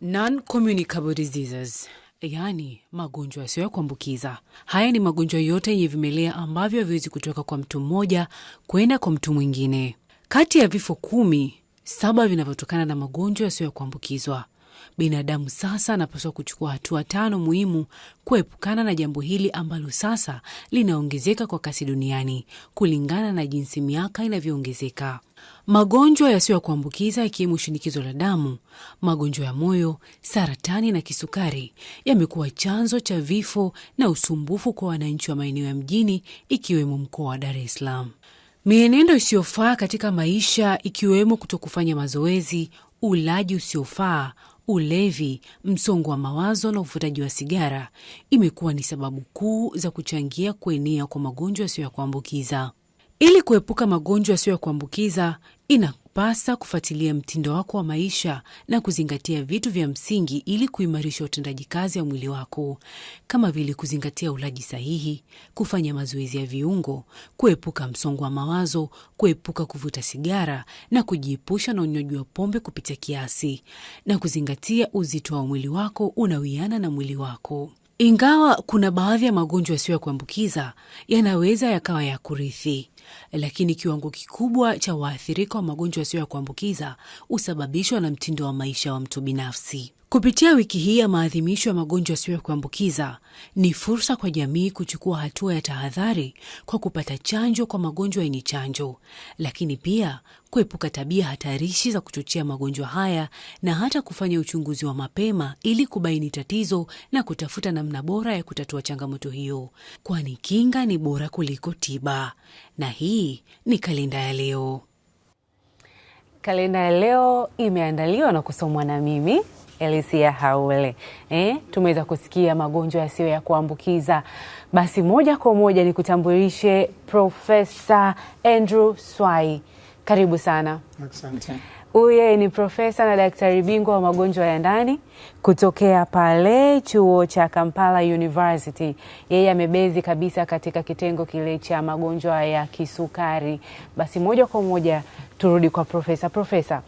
Non-communicable diseases yaani magonjwa yasiyo kuambukiza. Haya ni magonjwa yote yenye vimelea ambavyo haviwezi kutoka kwa mtu mmoja kwenda kwa mtu mwingine. Kati ya vifo kumi, saba vinavyotokana na magonjwa yasiyo kuambukizwa binadamu sasa anapaswa kuchukua hatua tano muhimu kuepukana na jambo hili ambalo sasa linaongezeka kwa kasi duniani kulingana na jinsi miaka inavyoongezeka. Magonjwa yasiyo ya kuambukiza yakiwemo shinikizo la damu, magonjwa ya moyo, saratani na kisukari yamekuwa chanzo cha vifo na usumbufu kwa wananchi wa maeneo ya mjini ikiwemo mkoa wa Dar es Salaam. Mienendo isiyofaa katika maisha ikiwemo kutokufanya mazoezi, ulaji usiofaa, Ulevi, msongo wa mawazo na uvutaji wa sigara imekuwa ni sababu kuu za kuchangia kuenea kwa magonjwa yasiyo ya kuambukiza. Ili kuepuka magonjwa yasiyo ya kuambukiza, ina inakupasa kufuatilia mtindo wako wa maisha na kuzingatia vitu vya msingi ili kuimarisha utendaji kazi wa mwili wako kama vile kuzingatia ulaji sahihi, kufanya mazoezi ya viungo, kuepuka msongo wa mawazo, kuepuka kuvuta sigara na kujiepusha na unywaji wa pombe kupita kiasi, na kuzingatia uzito wa mwili wako unawiana na mwili wako. Ingawa kuna baadhi ya magonjwa yasiyo ya kuambukiza yanaweza yakawa ya kurithi lakini kiwango kikubwa cha waathirika wa magonjwa yasiyo ya kuambukiza husababishwa na mtindo wa maisha wa mtu binafsi. Kupitia wiki hii ya maadhimisho ya magonjwa yasiyo ya kuambukiza ni fursa kwa jamii kuchukua hatua ya tahadhari kwa kupata chanjo kwa magonjwa yenye chanjo, lakini pia kuepuka tabia hatarishi za kuchochea magonjwa haya na hata kufanya uchunguzi wa mapema ili kubaini tatizo na kutafuta namna bora ya kutatua changamoto hiyo, kwani kinga ni bora kuliko tiba. Na hii ni kalenda ya leo. Kalenda ya leo imeandaliwa na kusomwa na mimi Elisia Haule. Eh, tumeweza kusikia magonjwa yasiyo ya kuambukiza. Basi moja kwa moja nikutambulishe Profesa Andrew Swai, karibu sana. Asante. Huyu ni profesa na daktari bingwa wa magonjwa ya ndani kutokea pale chuo cha Kampala University. Yeye amebezi kabisa katika kitengo kile cha magonjwa ya kisukari. Basi moja kwa moja turudi kwa profesa. Profesa,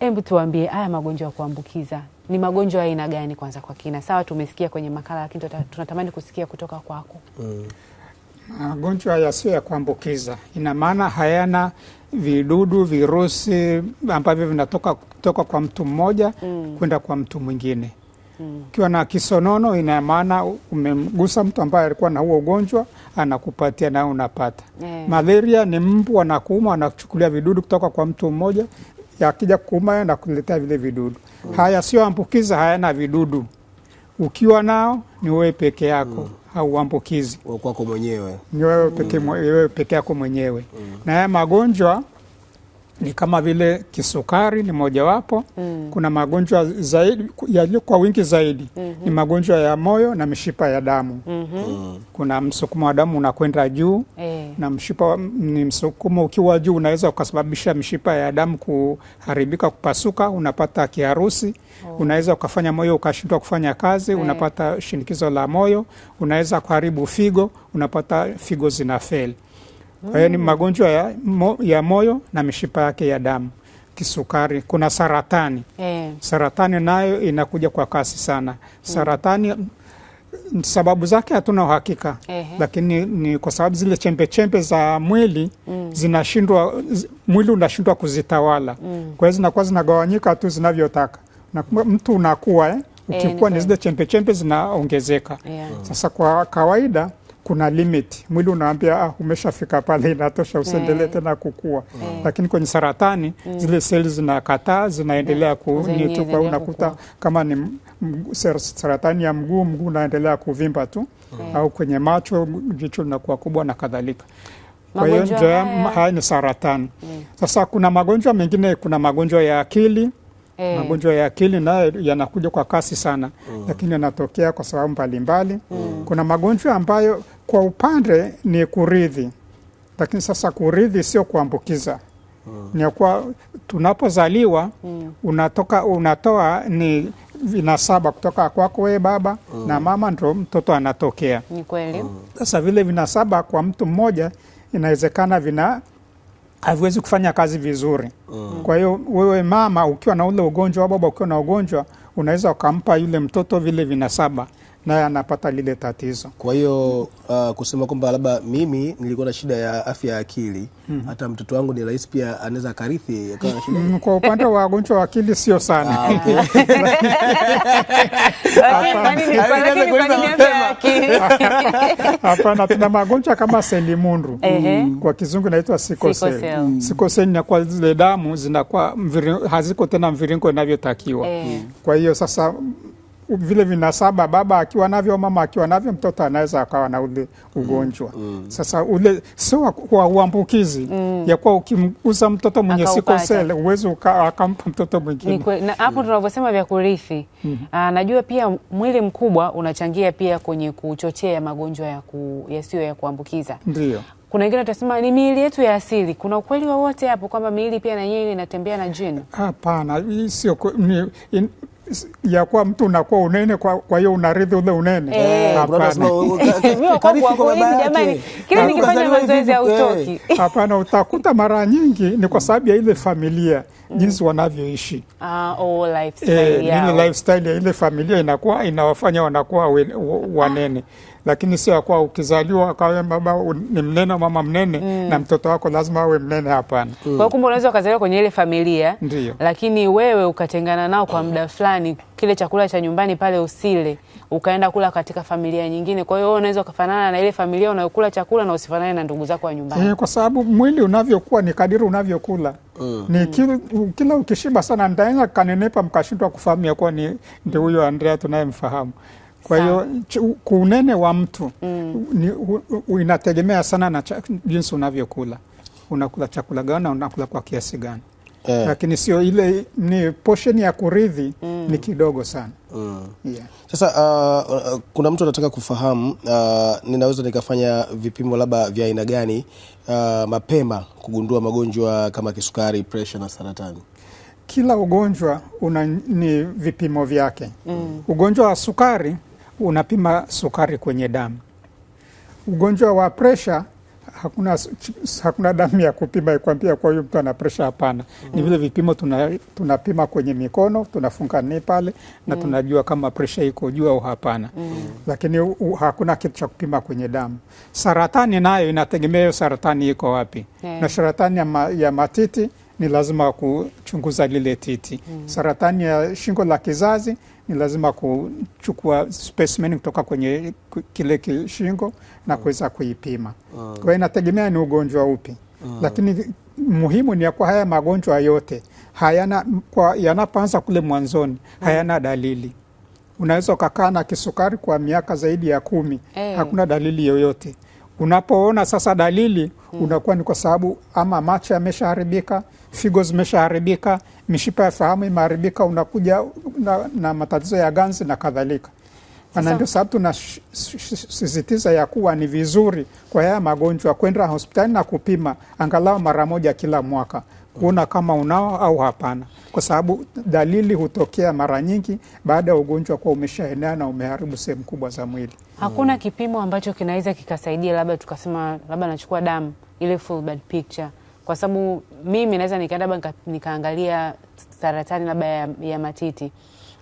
hebu tuambie haya magonjwa ya kuambukiza ni magonjwa ya aina gani kwanza kwa kina? Sawa, tumesikia kwenye makala, lakini tunatamani kusikia kutoka kwako. mm. Magonjwa yasiyo ya kuambukiza ina maana hayana vidudu, virusi ambavyo vinatoka kutoka kwa mtu mmoja mm. kwenda kwa mtu mwingine mm. ukiwa mm. na kisonono ina maana umemgusa mtu ambaye alikuwa na huo ugonjwa, anakupatia nawe unapata. yeah. Malaria ni mbu anakuuma, anachukulia vidudu kutoka kwa mtu mmoja yakija kuuma na kuletea vile vidudu mm. Haya siyoambukiza hayana vidudu, ukiwa nao ni wewe peke yako mm. Hauambukizi mm. wewe peke yako mwenyewe mm. na haya magonjwa ni kama vile kisukari ni mojawapo mm. Kuna magonjwa zaidi yaliyo kwa wingi zaidi mm -hmm. Ni magonjwa ya moyo na mishipa ya damu mm -hmm. mm. Kuna msukumo wa damu unakwenda juu eh. Na mshipa ni msukumo ukiwa juu unaweza ukasababisha mishipa ya damu kuharibika, kupasuka, unapata kiharusi oh. Unaweza ukafanya moyo ukashindwa kufanya kazi eh. Unapata shinikizo la moyo, unaweza kuharibu figo, unapata figo zinafeli kwa hiyo ni magonjwa ya, mo, ya moyo na mishipa yake ya damu, kisukari, kuna saratani mm. Saratani nayo inakuja kwa kasi sana saratani mm. Sababu zake hatuna uhakika e, lakini ni kwa sababu zile chembe chembe za mwili mm. zinashindwa, mwili unashindwa kuzitawala mm. Kwa hiyo zinakuwa zinagawanyika tu zinavyotaka na mtu unakuwa eh? eh ukikuwa e, ni eh. zile chembe chembe zinaongezeka yeah. Sasa kwa kawaida kuna limit, mwili unaambia ah, umeshafika pale, inatosha, usiendelee eh. tena kukua mm. Lakini kwenye saratani mm. zile seli zinakataa, zinaendelea mm. tu, kwa unakuta kama ni saratani ya mguu, mguu unaendelea kuvimba tu mm. au kwenye macho jicho linakuwa kubwa na kadhalika. Kwa hiyo ndio haya ni saratani mm. Sasa kuna magonjwa mengine, kuna magonjwa ya akili E. Magonjwa ya akili nayo yanakuja kwa kasi sana mm. Lakini yanatokea kwa sababu mbalimbali mm. Kuna magonjwa ambayo kwa upande ni kurithi, lakini sasa kurithi sio kuambukiza mm. ni kwa tunapozaliwa mm. unatoka unatoa ni vinasaba kutoka kwako wewe baba mm. na mama, ndo mtoto anatokea. Ni kweli. Hmm. Sasa mm. vile vinasaba kwa mtu mmoja inawezekana vina haviwezi kufanya kazi vizuri mm. kwa hiyo wewe mama ukiwa na ule ugonjwa, baba ukiwa na ugonjwa, unaweza ukampa yule mtoto vile vinasaba naye anapata lile tatizo. Kwa hiyo uh, kusema kwamba labda mimi nilikuwa na shida ya afya ya akili mm hata mtoto wangu ni rahisi pia anaweza akarithi akawa na shida mm, kwa upande wa wagonjwa wa akili sio sana. Ah, Hapana, tuna magonjwa kama selimundu hmm. kwa kizungu inaitwa sikoseli. Sikoseli kwa zile damu zinakuwa haziko tena mviringo inavyotakiwa eh. kwa hiyo sasa vile vinasaba, baba akiwa navyo, mama akiwa navyo, mtoto anaweza akawa na ule ugonjwa mm. mm. Sasa ule sio wa uambukizi mm. ya kuwa ukimguza mtoto mwenye siko sele uwezi akampa mtoto mwingine hapo mm. tunavyosema vya kurithi mm. Aa, ah, najua pia mwili mkubwa unachangia pia kwenye kuchochea magonjwa ya ku, yasiyo ya kuambukiza ndio kuna wengine watasema ni miili yetu ya asili. Kuna ukweli wowote hapo kwamba miili pia na yenyewe inatembea na jini? Hapana, sio ya kuwa mtu unakuwa unene kwa, kwa hiyo unaridhi ule unene eh. hapana. Utakuta mara nyingi ni kwa sababu ya ile familia mm. jinsi wanavyoishi ah, oh, lifestyle, eh, Lifestyle ya ile familia inakuwa inawafanya wanakuwa wanene ah lakini sio kwa ukizaliwa akawa baba ni mnene mama mnene mm. na mtoto wako lazima awe mnene. Hapana. Kwa kumbe unaweza ukazaliwa kwenye ile familia Ndiyo. lakini wewe ukatengana nao kwa muda fulani, kile chakula cha nyumbani pale usile, ukaenda kula katika familia nyingine. Kwa hiyo unaweza ukafanana na ile familia unayokula chakula na usifanane na ndugu zako wa nyumbani e, kwa sababu mwili unavyokuwa ni kadiri unavyokula Mm. Ni kila, kila ukishiba sana ndaenga kanenepa mkashindwa kufahamu ya kuwa ni ndio huyo Andrea tunayemfahamu. Kwa hiyo kuunene wa mtu mm. inategemea sana na jinsi unavyokula, unakula chakula gani, unakula kwa kiasi gani eh. Lakini sio ile ni portion ya kuridhi mm. ni kidogo sana mm. yeah. Sasa uh, uh, kuna mtu anataka kufahamu uh, ninaweza nikafanya vipimo labda vya aina gani uh, mapema kugundua magonjwa kama kisukari, presha na saratani? Kila ugonjwa una ni vipimo vyake mm. Ugonjwa wa sukari unapima sukari kwenye damu. Ugonjwa wa presha hakuna, hakuna damu ya kupima ikwambia kwa huyu mtu ana presha. Hapana, mm -hmm. Ni vile vipimo tunapima tuna kwenye mikono tunafunga ni pale na mm -hmm. Tunajua kama presha iko juu au hapana mm -hmm. Lakini u, u, hakuna kitu cha kupima kwenye damu. Saratani nayo inategemea hiyo saratani iko wapi yeah. Na saratani ya, ma, ya matiti ni lazima kuchunguza lile titi mm -hmm. Saratani ya shingo la kizazi ni lazima kuchukua specimen kutoka kwenye kile kishingo na mm. kuweza kuipima. Mm. Kwa hiyo inategemea ni ugonjwa upi, mm. lakini muhimu ni kwa haya magonjwa yote hayana yanapoanza kule mwanzoni hayana dalili. Unaweza ukakaa na kisukari kwa miaka zaidi ya kumi hey, eh. hakuna dalili yoyote. Unapoona sasa dalili, hmm, unakuwa ni kwa sababu ama macho yameshaharibika figo zimeshaharibika, mishipa ya fahamu imeharibika, unakuja na, na matatizo ya ganzi na kadhalika. Na ndio sababu tunasisitiza ya kuwa ni vizuri kwa haya magonjwa kwenda hospitali na kupima angalau mara moja kila mwaka kuona kama unao au hapana, kwa sababu dalili hutokea mara nyingi baada ya ugonjwa kuwa umeshaenea na umeharibu sehemu kubwa za mwili. Hakuna kipimo ambacho kinaweza kikasaidia, labda tukasema labda nachukua damu ile full blood picture kwa sababu mimi naweza nikaenda nikaangalia saratani labda ya, ya matiti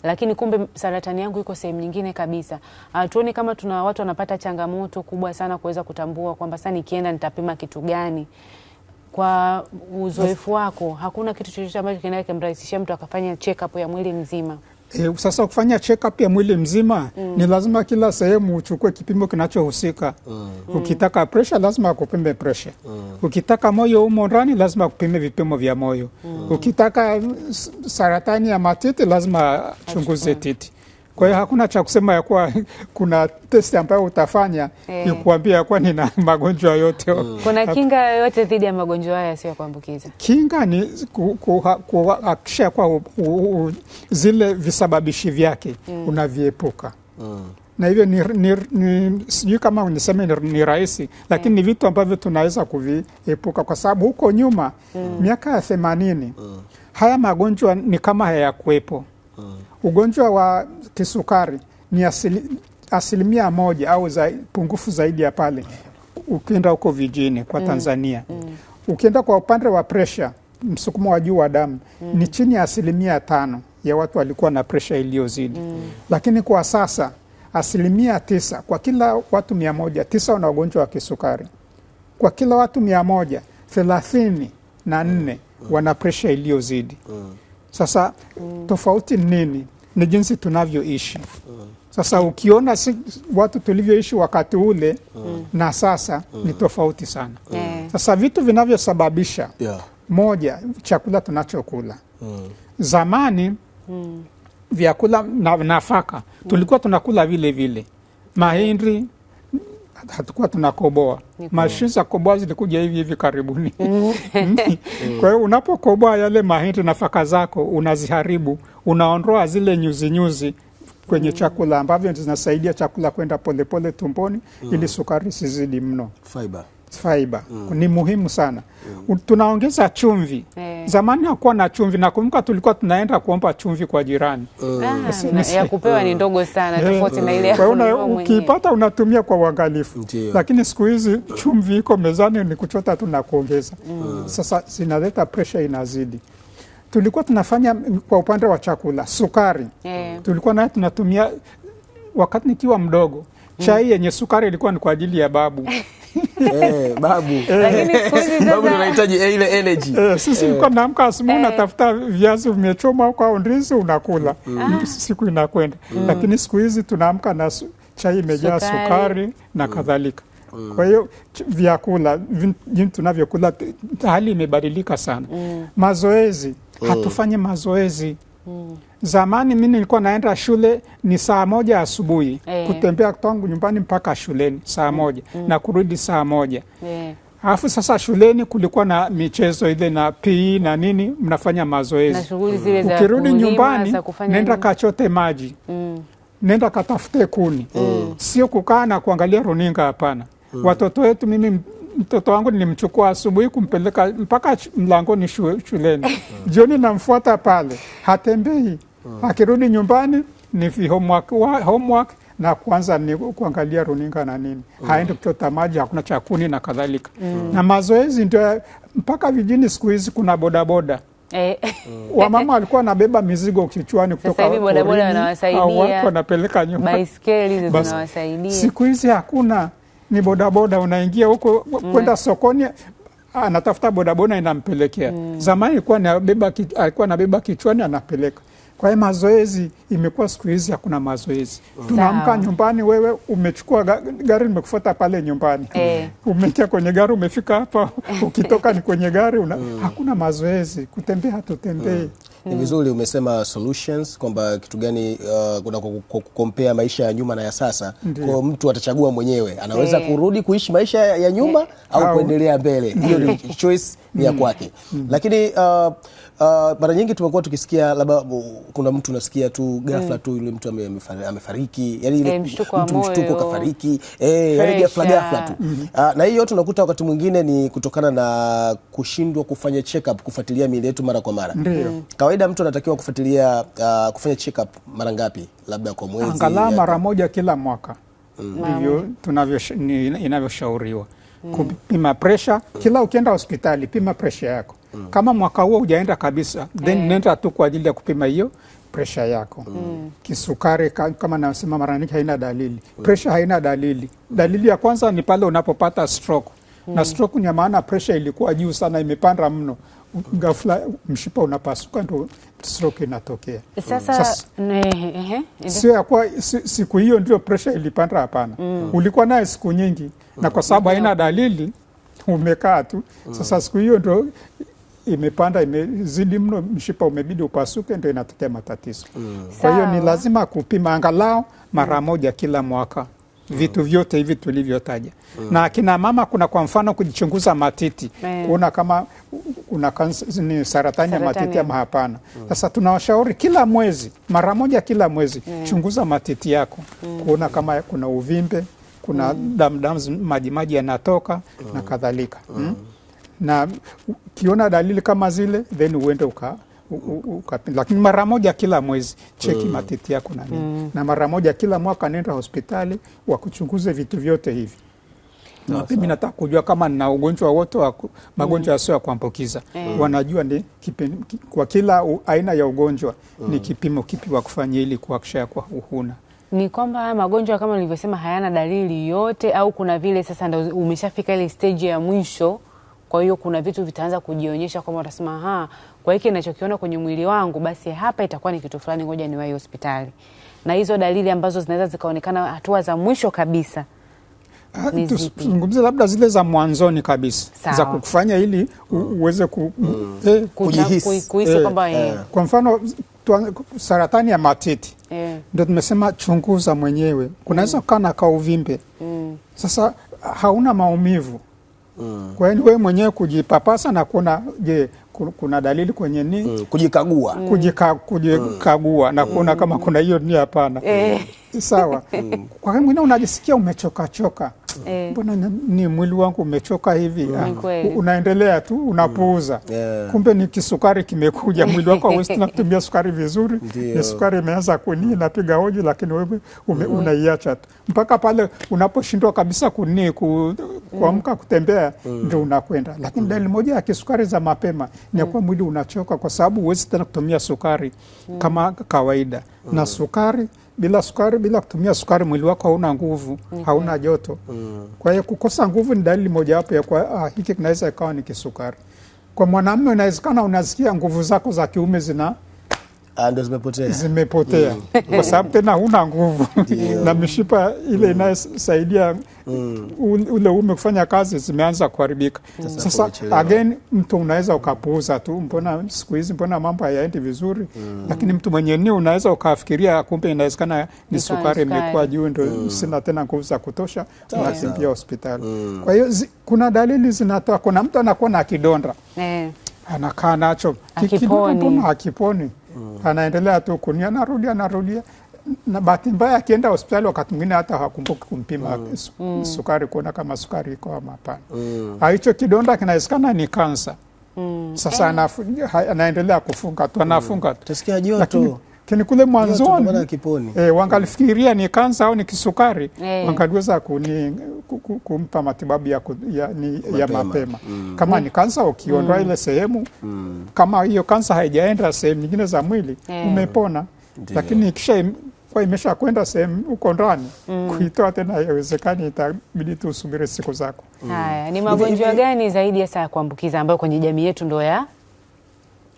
lakini kumbe saratani yangu iko sehemu nyingine kabisa. Hatuoni kama tuna watu wanapata changamoto kubwa sana kuweza kutambua kwamba sasa nikienda nitapima kitu gani. Kwa uzoefu wako, hakuna kitu chochote ambacho kinaweza kumrahisishia mtu akafanya check up ya mwili mzima. E, sasa kufanya check up ya mwili mzima mm. ni lazima kila sehemu uchukue kipimo kinachohusika mm. Ukitaka pressure lazima akupime pressure mm. Ukitaka moyo umo ndani lazima akupime vipimo vya moyo mm. Ukitaka saratani ya matiti lazima achunguze titi kwa hiyo hakuna cha kusema ya kuwa kuna testi ambayo utafanya e, eh. ikuambia kuwa nina magonjwa yote mm. Kuna kinga yoyote dhidi ya magonjwa haya yasiyo kuambukiza? Kinga ni kuhakikisha kuwa zile visababishi vyake mm. unaviepuka mm na hivyo ni, ni, sijui kama niseme ni, ni rahisi lakini mm. ni mm, vitu ambavyo tunaweza kuviepuka kwa sababu huko nyuma mm. miaka ya themanini mm. haya magonjwa ni kama hayakuwepo. Ugonjwa wa kisukari ni asili, asilimia moja au za, pungufu zaidi ya pale ukienda huko vijini kwa mm. Tanzania mm. Mm. Ukienda kwa upande wa presha, msukumo wa juu wa damu mm. ni chini ya asilimia tano ya watu walikuwa na presha iliyozidi mm. Lakini kwa sasa asilimia tisa kwa kila watu mia moja tisa wana ugonjwa wa kisukari kwa kila watu mia moja thelathini na nne mm. wana presha iliyozidi. Mm. Sasa tofauti nini? ni jinsi tunavyoishi. Mm. Sasa ukiona si, watu tulivyoishi wakati ule mm. na sasa mm. ni tofauti sana mm. Eh. Sasa vitu vinavyosababisha yeah. Moja, chakula tunachokula mm. zamani mm. vyakula na, nafaka mm. tulikuwa tunakula vile vile mahindi hatukuwa tunakoboa. Mashine za koboa zilikuja hivi hivi karibuni. Mm. Kwa hiyo unapokoboa yale mahindi, nafaka zako unaziharibu, unaondoa zile nyuzinyuzi -nyuzi kwenye mm. chakula ambavyo zinasaidia chakula kwenda polepole tumboni mm. ili sukari sizidi mno Fiber fiber mm. ni muhimu sana mm. tunaongeza chumvi eh. Zamani hakuwa na chumvi, nakumbuka tulikuwa tunaenda kuomba chumvi kwa jirani mm. ah, ya kupewa mm. ni ndogo sana yeah. tofauti mm. na ile kwa una, ukipata unatumia kwa uangalifu, lakini siku hizi chumvi iko mezani, ni kuchota tu na kuongeza mm. mm. Sasa zinaleta pressure inazidi tulikuwa tunafanya kwa upande wa chakula sukari eh. tulikuwa nayo tunatumia wakati nikiwa mdogo mm. chai yenye sukari ilikuwa ni kwa ajili ya babu Eh, babu eh. babu unahitaji ile energy. Eh, sisi ilikuwa naamka asubuhi natafuta viazi vimechoma au ndizi unakula, mm. ah. siku inakwenda. Mm. Lakini siku hizi tunaamka na chai imejaa sukari na mm. kadhalika. Kwa hiyo vyakula jinsi tunavyokula, hali imebadilika sana. Mazoezi, hatufanyi mazoezi. Zamani mimi nilikuwa naenda shule ni saa moja asubuhi e. kutembea tangu nyumbani mpaka shuleni saa mm. moja mm. na kurudi saa moja e. Alafu sasa shuleni kulikuwa na michezo ile na PE na nini, mnafanya mazoezi. Ukirudi nyumbani, nenda kachote maji mm. nenda katafute kuni mm. sio kukaa na kuangalia runinga, hapana mm. watoto wetu, mimi mtoto wangu nilimchukua asubuhi kumpeleka mpaka mlangoni shuleni, mm. jioni namfuata pale, hatembei hmm. Akirudi nyumbani ni homework, homework na kwanza ni kuangalia runinga na nini mm. Haendi kuchota maji, hakuna chakuni na kadhalika mm. Na mazoezi ndio mpaka vijini siku hizi kuna bodaboda eh. Wamama walikuwa wanabeba mizigo kichwani kutoka bodaboda wanawasaidia, watu wanapeleka nyumba, baiskeli zinawasaidia. Siku hizi hakuna, ni bodaboda, unaingia huko mm. kwenda sokoni anatafuta bodaboda inampelekea mm. Zamani alikuwa anabeba kichwani anapeleka kwa hiyo mazoezi imekuwa siku hizi hakuna mazoezi, tunaamka nyumbani. Wewe umechukua gari, nimekufuata pale nyumbani e, eh. umeingia kwenye gari, umefika hapa, eh. ukitoka ni kwenye gari una, mm. hakuna mazoezi, kutembea hatutembei mm. Ni vizuri umesema solutions kwamba kitu gani uh, kuna uh, kukompea maisha ya nyuma na ya sasa. Kwa hiyo mtu atachagua mwenyewe, anaweza eh. kurudi kuishi maisha ya nyuma au kuendelea mbele. Hiyo ni choice ya mm. kwake mm. Lakini mara uh, uh, nyingi tumekuwa tukisikia labda kuna mtu unasikia tu ghafla mm. tu yule mtu amefariki, yani ile eh, mtu mshtuko kafariki, eh, yani ghafla ghafla tu mm. Uh, na hii yote unakuta wakati mwingine ni kutokana na kushindwa kufanya check up, kufuatilia miili yetu mara kwa mara mm. Kawaida mtu anatakiwa kufuatilia uh, kufanya check up mara ngapi? Labda kwa mwezi angalau mara moja kila mwaka ndivyo mm. tunavyo inavyoshauriwa kupima presha. Kila ukienda hospitali pima presha yako. Mm. Kama mwaka huo hujaenda kabisa, then eh. nenda tu kwa ajili ya kupima hiyo presha yako. Mm. Kisukari kama nasema mara nyingi haina dalili, mm. presha haina dalili. Dalili ya kwanza ni pale unapopata stroke na stroke ni maana presha ilikuwa juu sana, imepanda mno ghafla mshipa unapasuka ndo stroke inatokea. Sasa, sasa kuwa siku hiyo ndio presha ilipanda? Hapana, mm. mm. ulikuwa naye siku nyingi mm. na kwa sababu haina mm. dalili umekaa tu mm. sasa, siku hiyo ndo imepanda imezidi mno, mshipa umebidi upasuke, ndo inatokea matatizo mm. Kwa hiyo ni lazima kupima angalau mara mm. moja kila mwaka vitu vyote hivi tulivyotaja mm. na akina mama, kuna kwa mfano kujichunguza matiti mm. kuona kama una kansa, ni saratani ya matiti ama hapana. Mm. Sasa tunawashauri kila mwezi, mara moja kila mwezi mm. chunguza matiti yako mm. kuona kama kuna uvimbe, kuna mm. damdamu, majimaji yanatoka mm. na kadhalika mm. mm. na ukiona dalili kama zile then uende mm. uka lakini mara moja kila mwezi cheki mm. matiti yako na nini mm. na mara moja kila mwaka nenda hospitali wakuchunguze vitu vyote hivi na mimi nataka kujua kama nina ugonjwa wote wa mm. magonjwa yasio ya kuambukiza mm. wanajua ni kipi, kwa kila u, aina ya ugonjwa mm. ni kipimo kipi wa kufanya ili kuhakikisha kwa huna ni kwamba haya magonjwa kama nilivyosema hayana dalili yote, au kuna vile sasa ndo umeshafika ile stage ya mwisho, kwa hiyo kuna vitu vitaanza kujionyesha kwamba utasema ha, kwa hiki ninachokiona kwenye mwili wangu, basi hapa itakuwa ni kitu fulani, ngoja niwahi hospitali. Na hizo dalili ambazo zinaweza zikaonekana hatua za mwisho kabisa Ah, tuzungumze labda zile za mwanzoni kabisa Sao. za kukufanya ili uweze ku, mm. eh, kujihisi eh, kwa eh, eh. mfano tuan, saratani ya matiti eh. ndio tumesema chunguza mwenyewe, kunaweza mm. kukaa na kauvimbe mm. Sasa hauna maumivu mm. kwa hiyo wewe mwenyewe kujipapasa na kuna je kuna dalili kwenye ni mm. kujikagua mm. kujika, kujikagua mm. na kuona mm. kama kuna hiyo ni hapana mm. Eh. sawa mm. kwa hiyo mwingine unajisikia umechokachoka Eh. mbona ni mwili wangu umechoka hivi ah, unaendelea tu unapuuza mm. yeah. Kumbe ni kisukari kimekuja, mwili wako hauwezi tena kutumia sukari vizuri, ni sukari imeanza kunii napiga hoji, lakini wewe mm. unaiacha tu mpaka pale unaposhindwa kabisa kunii ku, mm. kuamka mm. kutembea mm. ndio unakwenda. Lakini mm. dalili moja ya kisukari za mapema ni mm. kwa mwili unachoka, kwa sababu huwezi tena kutumia sukari mm. kama kawaida mm. na sukari bila sukari, bila kutumia sukari, mwili wako hauna nguvu okay. hauna joto mm. Kwa hiyo kukosa nguvu ni dalili mojawapo ya kwa, ah, hiki kinaweza ikawa ni kisukari. Kwa mwanamume, unawezekana unasikia nguvu zako za kiume zina Ah, ndo zimepotea zimepotea mm. kwa sababu tena huna nguvu na mishipa ile mm. inayosaidia mm. ule ume kufanya kazi zimeanza kuharibika. mm. Sasa again mtu unaweza ukapuuza tu, mbona siku hizi, mbona mambo hayaendi vizuri? mm. Lakini mtu mwenye nia unaweza ukafikiria kumbe inawezekana ni sukari imekuwa juu, ndo mm. sina tena nguvu za kutosha, unakimbia hospitali. mm. Kwa hiyo kuna dalili zinatoa, kuna mtu anakuwa na kidonda eh. anakaa nacho kidonda, mbona akiponi anaendelea tu kunia, anarudia anarudia, na bahati mbaya akienda hospitali wakati mwingine hata hawakumbuki kumpima mm. su mm. sukari kuona kama sukari iko ama hapana. mm. Ah, hicho kidonda kinawezekana ni kansa. mm. Sasa yeah. anaendelea kufunga tu anafunga mm. tu, joto kini kule mwanzoni e, eh, wangalifikiria ni kansa au ni kisukari, hey. Eh. wangaliweza kuni kumpa matibabu ya, ya, ni, mapema. ya mapema mm. Kama ni kansa ukiondoa mm. ile sehemu mm. Kama hiyo kansa haijaenda sehemu nyingine za mwili mm. umepona Dile. Lakini ikisha kwa imesha kwenda sehemu huko ndani mm. kuitoa tena haiwezekani, itabidi tu usubiri siku zako. Mm. Haya, ni magonjwa gani zaidi hasa ya kuambukiza ambayo kwenye jamii yetu ndo ya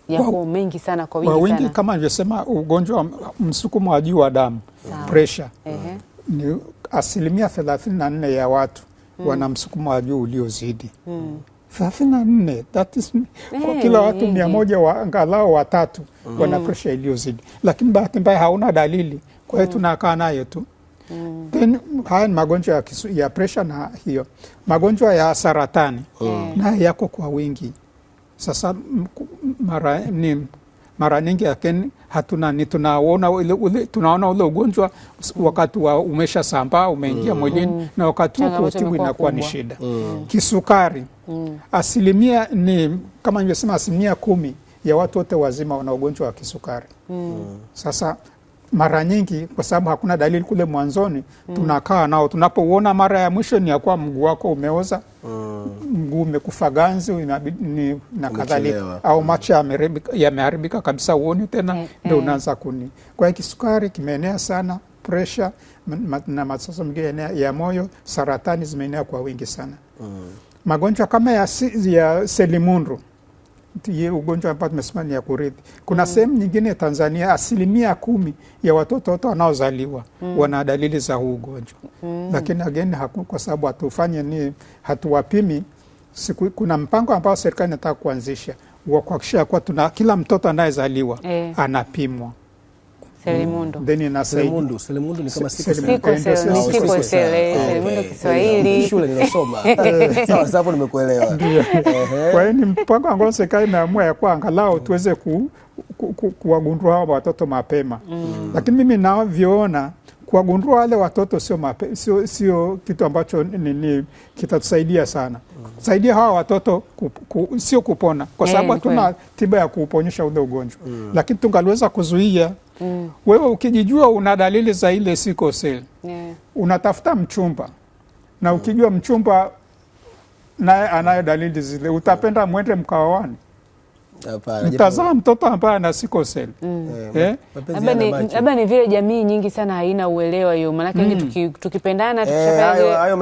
yako mengi sana kwa wingi, kwa wingi sana. Kama nilivyosema ugonjwa msukumo wa juu wa damu pressure ni asilimia thelathini na nne ya watu mm. wana msukumo wa juu uliozidi hmm. thelathini na nne that is kwa kila watu mia moja wa, angalau watatu mm. wana presha iliyozidi, lakini bahati mbaya hauna dalili, kwa hiyo mm. tunakaa nayo tu mm. then haya ni magonjwa ya, ya presha na hiyo magonjwa ya saratani mm. nayo yako kwa wingi sasa mara ni mara nyingi, lakini hatuna ni tunaona ule, ule, tunaona ule ugonjwa wakati wa umesha sambaa umeingia mm. mwilini mm. na wakati huo kutibu inakuwa ni shida mm. Kisukari mm. asilimia ni kama nivyosema asilimia kumi ya watu wote wazima wana ugonjwa wa kisukari mm. mm. Sasa mara nyingi kwa sababu hakuna dalili kule mwanzoni mm. Tunakaa nao, tunapouona mara ya mwisho ni yakuwa mguu wako umeoza mm. Mguu umekufa ganzi na kadhalika au macho yameharibika kabisa, uoni tena mm. unaanza kuni. Kwa hiyo kisukari kimeenea sana, presha na matatizo mengine ya moyo, saratani zimeenea kwa wingi sana mm. Magonjwa kama ya, ya selimundu ye ugonjwa tumesema ni ya kurithi. Kuna mm. sehemu nyingine Tanzania asilimia kumi ya watoto wote wanaozaliwa mm. wana dalili za huu ugonjwa mm. lakini again haku, kwa sababu hatufanye ni hatuwapimi siku, kuna mpango ambao serikali inataka kuanzisha wa kuhakikisha kuwa tuna kila mtoto anayezaliwa e. anapimwa. Selimundu. Selemundo. Selimundu. Selimundu ni kama siku siku siko Selimundu Kiswahili. Shule ninasoma. Sawa, sasa hapo nimekuelewa. Ndio. Kwa hiyo ni mpango ambao serikali imeamua ya kwa angalau tuweze ku kuwagundua hawa watoto mapema, mm. lakini mimi navyoona kuwagundua wale watoto sio sio, sio kitu ambacho nini kitatusaidia sana mm. saidia hawa watoto ku, ku, sio kupona kwa eh, sababu hatuna yeah, tiba ya kuuponyesha ule ugonjwa mm. lakini tungaliweza kuzuia mm. Wewe ukijijua una dalili za ile sickle cell yeah. unatafuta mchumba na ukijua mchumba naye anayo dalili zile, utapenda mwende mkawawani mtazaa mtoto ambaye ana sikoseli. Mm. Eh? Eh, eh? Labda ni vile jamii nyingi sana haina uelewa hiyo, maanake mm. tukipendana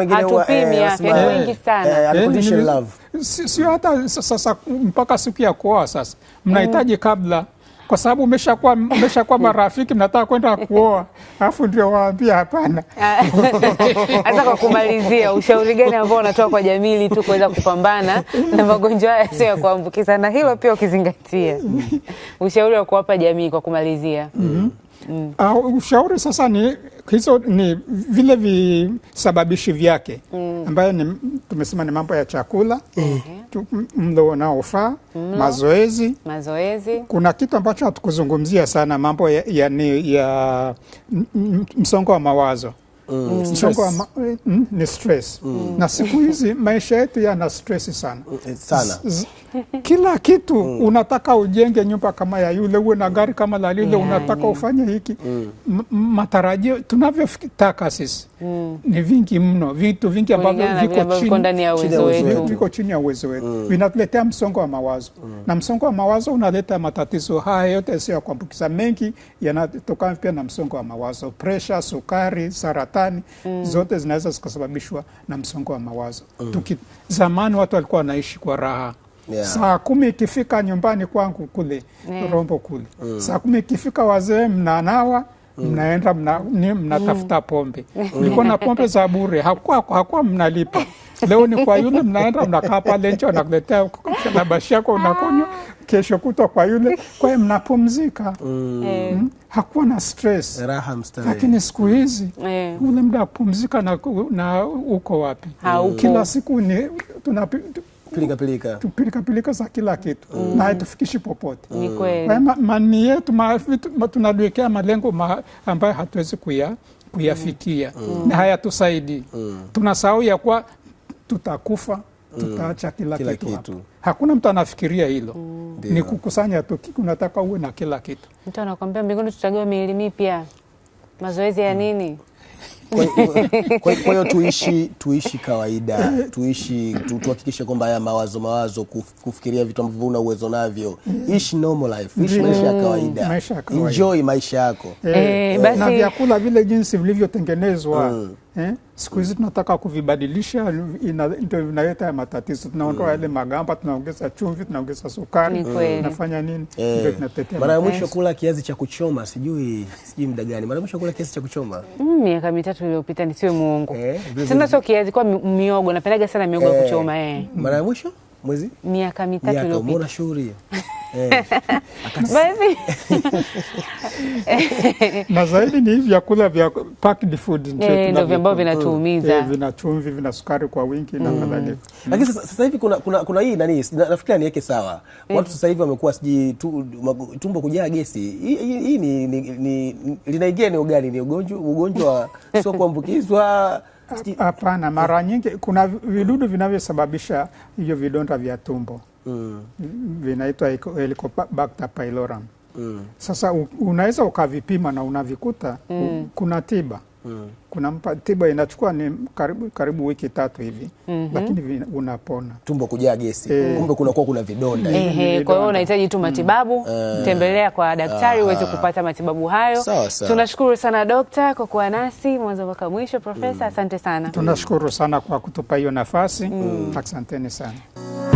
hatupimi afya wengi sana, sio hata sasa mpaka siku ya kuoa. Sasa mnahitaji mm. kabla kwa sababu umeshakuwa umeshakuwa marafiki, mnataka kwenda kuoa, alafu ndio waambia hapana. hata kwa kumalizia, ushauri gani ambao unatoa kwa jamii ili tu kuweza kupambana na magonjwa haya sio ya kuambukiza, na hilo pia ukizingatia mm-hmm. ushauri wa kuwapa jamii kwa kumalizia? mm -hmm mm. Uh, ushauri sasa ni hizo ni vile visababishi vyake mm. ambayo ni, tumesema ni mambo ya chakula mm. mlo unaofaa mm. mazoezi. Mazoezi, kuna kitu ambacho hatukuzungumzia sana, mambo ya, ya, ya msongo wa mawazo Mm. mm. Stress. Ma mm, ni stress mm. Na siku hizi maisha yetu yana stress sana mm, eh, sana kila kitu mm. Unataka ujenge nyumba kama ya yule, uwe na gari kama la lile yeah, mm. unataka yeah. Mm. Ufanye hiki mm. Matarajio tunavyotaka sisi mm. Ni vingi mno, vitu vingi ambavyo viko chini ya uwezo wetu mm. vinatuletea mm. msongo wa mawazo mm. Na msongo wa mawazo unaleta matatizo haya yote sio ya kuambukiza, mengi yanatokana pia na msongo wa mawazo. Presha, sukari, saratani mm. zote zinaweza zikasababishwa na msongo wa mawazo mm. Tuki, zamani watu walikuwa wanaishi kwa raha yeah. saa kumi ikifika nyumbani kwangu kule yeah. Rombo kule mm. saa kumi ikifika wazee mnanawa Mm. Mnaenda mnatafuta mna mm. pombe mm. niko na pombe za bure, hakuwa hakuwa mnalipa. Leo ni kwa yule, mnaenda mnakaa pale nje, anakuletea kilabashi yako unakunywa, ah. kesho kutwa kwa yule. Kwa hiyo mnapumzika mm. Eh. mm. hakuwa na stress, lakini siku hizi mm. ule muda wa kupumzika na, na uko wapi? mm. Kila siku ni tunapi, pilikapilika pilika za kila kitu mm. na haitufikishi popote mm. kwa mani yetu ma, tunajiwekea malengo ma, ambayo hatuwezi kuya kuyafikia mm. na mm. hayatusaidii mm. tunasahau ya kuwa tutakufa mm. tutaacha kila, kila kitu, kitu. Hakuna mtu anafikiria hilo mm. ni kukusanya tu, unataka uwe na kila kitu. Mtu anakwambia mbinguni tutagawa miili mipya, mazoezi ya mm. nini? Kwa hiyo tuishi, tuishi kawaida, tuishi tuhakikishe kwamba haya mawazo mawazo, kuf, kufikiria vitu ambavyo una uwezo navyo, ishi normal life, ishi mm. maisha ya kawaida, enjoy maisha yako eh, eh, na vyakula vile jinsi vilivyotengenezwa mm. Eh, siku hizi tunataka kuvibadilisha, ndio vinaleta ya matatizo. Tunaondoa mm. yale magamba, tunaongeza chumvi, tunaongeza sukari, tunafanya nini? Eh. Ndio tunatetea. Mara ya mwisho kula kiazi cha kuchoma, sijui sijui muda gani? Mara ya mwisho kula kiazi cha kuchoma mm, miaka mitatu iliyopita, nisiwe muongo. Tena eh, sio kiazi, kwa miogo, napendaga sana miogo ya eh. kuchoma. Mara ya mwisho mwezi miaka mitatu iliyopita. Mbona shughuli eh. basi na zaidi ni vyakula vya packed food ndio eh, ambavyo vinatuumiza, eh, vina chumvi, vina sukari kwa wingi na mm. kadhalika. Lakini sasa hivi kuna, kuna, kuna hii nani, nafikiri niweke sawa watu sasa hivi wamekuwa siji tumbo kujaa gesi. Hii ni linaigia eneo gani? Ni ugonjwa ugonjwa sio kuambukizwa Hapana, mara nyingi kuna vidudu vinavyosababisha hivyo vidonda vya tumbo mm. vinaitwa Helicobacter pyloram mm. Sasa unaweza ukavipima na unavikuta mm. kuna tiba mm. Kuna mpa, tiba inachukua ni karibu, karibu wiki tatu hivi mm -hmm. Lakini unapona. Tumbo kujaa gesi e. Kumbe kunakuwa kuna vidonda Kwa hiyo unahitaji tu mm. matibabu mm. Tembelea kwa daktari ah. uweze kupata matibabu hayo. Sawa sawa. Tunashukuru sana dokta kwa kuwa nasi mwanzo mpaka mwisho. Profesa, mm. asante sana. Tunashukuru sana kwa kutupa hiyo nafasi mm. Asanteni sana.